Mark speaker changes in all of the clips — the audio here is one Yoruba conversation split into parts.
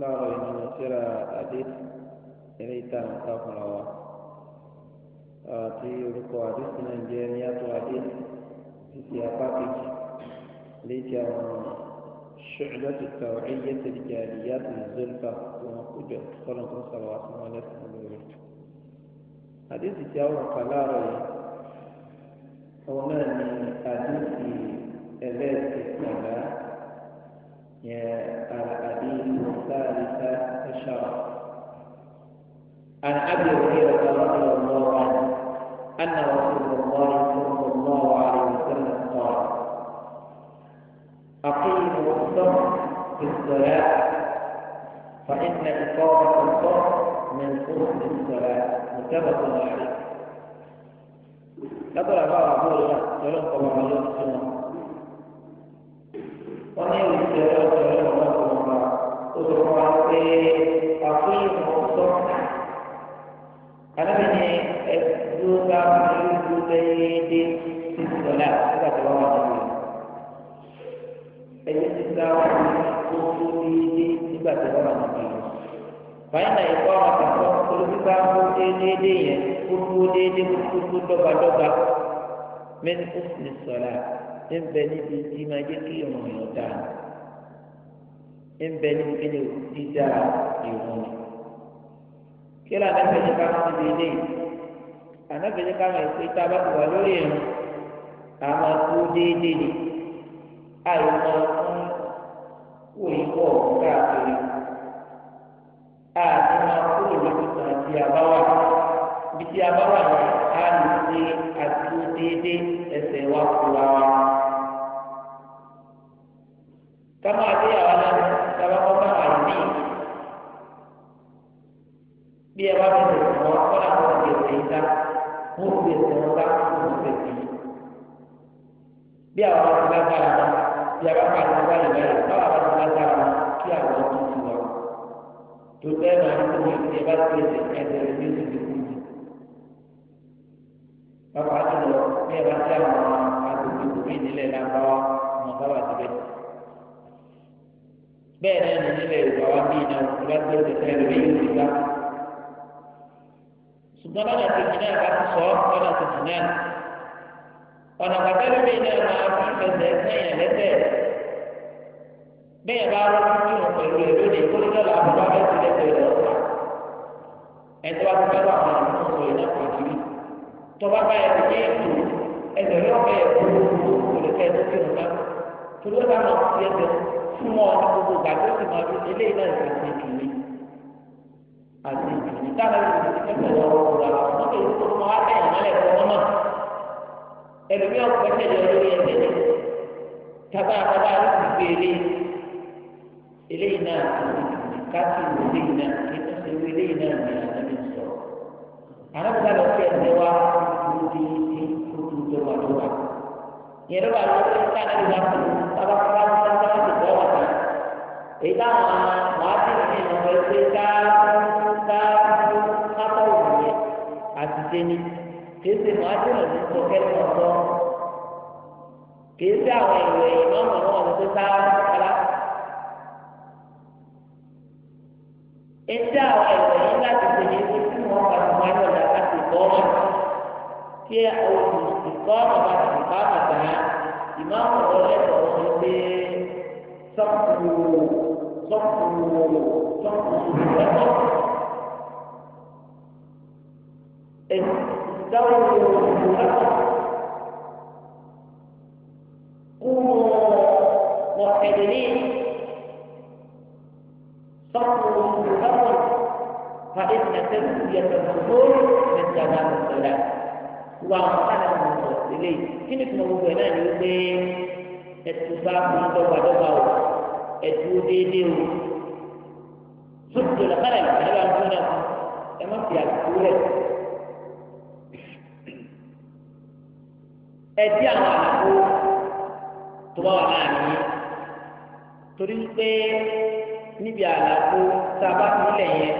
Speaker 1: láàárọ̀ yìí nínú síra àdéhùn eré ìta nǹkan fúnra wa àti orúkọ àdéhùn náà jẹ́ ní àtọ́ àdéhùn títí apá kejì létí àwọn ṣùgbọ́n tuntun àwọn ẹ̀yẹ tẹ̀lé jẹ́ àdéhùn àti zolfa tó wọn kó jọ kọ́nà tó ń sọ̀rọ̀ wá sí wọn lẹ́sìn lórí. àdéhùn tí àwọn kà láàárọ̀ yìí òun náà ni àdéhùn عن أبي هريرة رضي الله عنه أن رسول الله صلى الله عليه وسلم قال أقيموا الصبر في الصلاة فإن إقامة الصبر من قرب الصلاة متفق عليه لقد قال أبو هريرة يلقى الله عليه وسلم ومن يريد أن يلقى الله عليه وسلم alábẹ́ni ẹ̀dúró bá wọn lójú déédéé sí sọ̀lá nígbà tó wọ́n wà lọ́wọ́ ẹ̀yẹ ti sá wọn lójú déédéé nígbà tó wọ́n wà lọ́wọ́
Speaker 2: fàyínà ìkọ́ àwọn àtàkọ́ olùdíkà wọn déédéé yẹn kúrú déédéé kúrú dọ́gbadọ́gba
Speaker 1: mẹ́ni kó sì sọ̀lá ẹ̀ńbẹ́ níbi tí máa jẹ́ kí ìrùn ìrùn dáa ẹ̀ńbẹ́ níbi kí ìrùn dídá ìrùn kílà anábìyẹ ká máa ti délé anábìyẹ ká máa ìpè tá a bá ti wà lórí ẹ̀rù àwọn akó déédéé ni àyè máa fún wòye pọ̀ káàkiri àti máa kó ìlú àti àbáwá ibi tí àbáwá yẹn á lè ṣe àti déédéé ẹsẹ̀ wá fúra wa. wọn fi ẹsẹ̀ wọn bá wọn fi ẹsẹ̀ yìí bí àwọn ọmọ bá dára wọn bí àwọn bá dára wọn yìí báyìí báwọn bá dára wọn dára kí àwọn ọmọ tó wọn tó bẹ́ẹ̀ máa ń tóbi ẹsẹ̀ bá ti ẹsẹ̀ ẹsẹ̀ rẹ̀ ní oṣù yìí. bàbá àtúntò bí ẹ bá ti àwọn agbègbè òbí nílẹ̀ lágbàá wọn bá wà síbẹ̀. bẹ́ẹ̀ náà nílẹ̀ ìgbà wa bí ìnáwó ìgbà tó ti lọ́dọ̀ kejì náà bá ti sọ lọ́dọ̀ kejì náà ọ̀nà pàtàkì bíi náà máa fi fẹsẹ̀ sẹ́yìn lẹ́sẹ̀ bẹ́ẹ̀ bá rọ́ kí wọn pẹ̀lú ìlú ní kó lọ́dọ̀ làwọn bá bẹ́ẹ̀ ti lẹ́sẹ̀ rẹ̀ ọ̀pá ẹ̀tọ́ bá ti fẹ́ wà wọn ló ń sọ iná kan kiri tọ́ba bá yẹ kó yẹ ètò ẹsẹ̀ yọ bẹ́ yẹ kó olùkẹ́ tó kí wọn náà torí ó bá wọn àti ìdíkà lẹ́yìn ìdíkà lọ́wọ́ ọ̀rọ̀ àwọn ọmọ ìlú tó mọ abẹ́ ìmọ̀lẹ̀ fọwọ́ náà ẹlòmí ọ̀pọ̀ ẹsẹ̀ yọ lórí ẹsẹ̀ ní tábà tábà ló ti gbé ilé eléyìí náà káàkiri eléyìí náà ètò ìwé eléyìí náà ní àdáni sọ àrùn sábà fi ẹsẹ̀ wa ló di ti kótó tó wà ló wà yẹn ló wà ló ń sábà ló wà fún un tábà fún wa fún wa fún wa èyí táwọn wàásù ní ìlànà ẹgbẹ́ káàkiri káàkiri kápáwò nìyẹn àtijọ́ ni kìí ṣe wàásù lọ sí sọ kẹ́lẹ́ ọ̀tọ́ kìí ṣe àwọn ìwé ìmọ̀mọ̀ náà wọ́n ti káàkiri kálá. ẹjẹ́ àwọn ìwé yìí láti ṣe ní ibi tí wọ́n bá ti wáyé ọ̀dà láti bọ́ wọn kí olùkọ́ ọ̀nà bá ti bàtà ìmọ̀mọ̀ kí ni kí ni mo gbogbo ẹ̀ náà ni wípé ẹtù bá fún dọ́gba dọ́gba o. déédéé o sókè lọ́kàrà ìgbàlẹ́ wa fún náà ẹ má fi àgbo rẹ̀ ẹ dí àwọn torí pé níbi àlàfo nílẹ̀ yẹn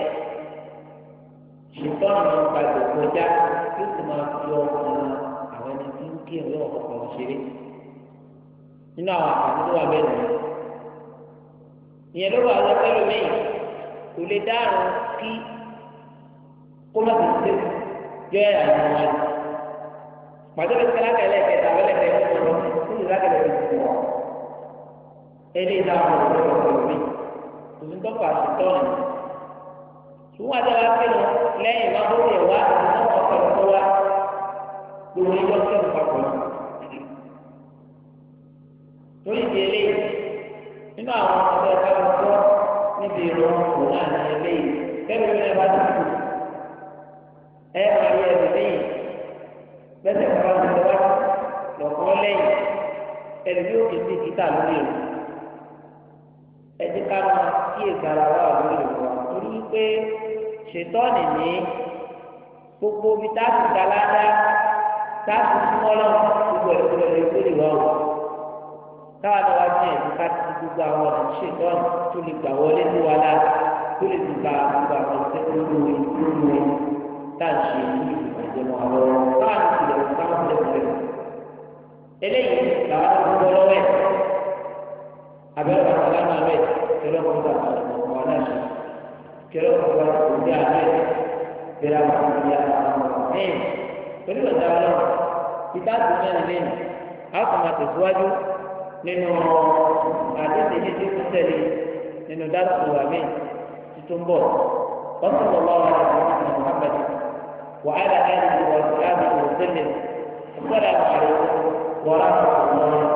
Speaker 1: ṣùgbọ́n àwọn yóò sì máa fi àwọn ẹni tí kí ẹ̀rọ ọ̀pọ̀ ṣeré nínú àwọn ìyẹn ló wà wọ́n pẹ́lú mi kò lè dáhùn kí kó má ti ṣe yọ ẹ̀ àwọn wa ni pàtó lè sẹ́lá kẹlẹ́ kẹta wọlé kẹlẹ́ kó lọ kó lè lákẹlẹ́ kó ti wọ̀ ẹni dáhùn kó lọ pẹ̀lú mi òfin tó fà sí tọ́nù tùwọ́n àtàwọn akẹ́lẹ́ lẹ́yìn máa bó lè wá àwọn ọkọ̀ tó wá gbogbo ẹjọ́ kẹ́lẹ́ papọ̀ lórí ìdí eléyìí nínú àwọn ọmọdé ẹ̀ka lọ́jọ́ níbi ìrọ̀rùn kò náà ní eléyìí kẹ́mi ní ẹ bá ti kù ẹ máa yẹ ẹ lẹ́yìn bẹ́sẹ̀ kọ́ bá ti wá lọ́kọ́ lẹ́yìn ẹni bí ó ti di kíta lórí rẹ̀ ẹni ká máa kí ìgbàlá wà lórí rẹ̀ wá torí pé ṣètọ́nì ní gbogbo ibi tá a ti gbà ládàá tá a ti súnmọ́ lọ́wọ́ gbogbo ẹ̀kọ́ lọ́wọ́ ìgbélé wa wọ̀ táwa náà wá bí ẹ̀mí ká ti gbogbo àwọn ọ̀nà ṣe ìtọ́nù tó lè gbà wọlé ní wa láti tó lè ti gba gbogbo àwọn ìṣẹ́ tó lò ní ìlú rẹ̀ tá à ń ṣe ní ìgbàjọba àwọn táwa ní ìlẹ̀ táwọn ìlẹ̀ ìlẹ̀ eléyìí làwọn tó ń bọ́ lọ́wọ́ ẹ̀ abẹ́rẹ́ bàtà lánàá rẹ̀ kẹlẹ́ ọkọ̀ gbà ọ̀pọ̀ aláṣẹ kẹlẹ́ ọkọ̀ gbà òbí àlẹ́ bẹ̀rẹ̀ àwọn òbí àlẹ́ pẹ̀lú ọ̀dà ọlọ́run ìbáàdùn mẹ́rin lẹ́yìn nínú àdéhùn títí tó tẹ̀lé nínú dáàbò àmì títún bọ̀ وصلى الله على سيدنا محمد وعلى آله وأصحابه وسلم السلام عليكم ورحمة الله